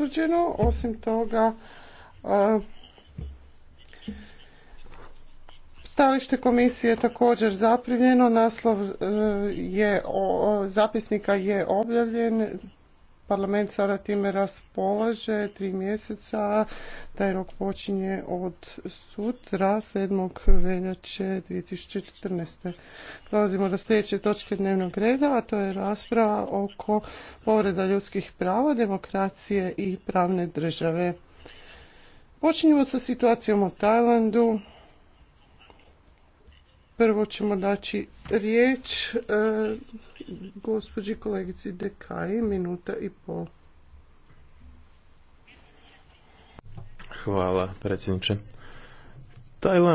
utvrđeno. Osim toga, e, Stalište komisije je također zaprimljeno, naslov e, je, zapisnika je objavljen, Parlament sada time raspolaže tri mjeseca. Taj rok počinje od sutra 7. veljače 2014. Prolazimo do sljedeće točke dnevnog reda, a to je rasprava oko povreda ljudskih prava, demokracije i pravne države. Počinjemo sa situacijom u Tajlandu. Prvo ćemo daći riječ e, gospođi kolegici Dekaji, minuta i pol. Hvala, predsjedniče. Tajland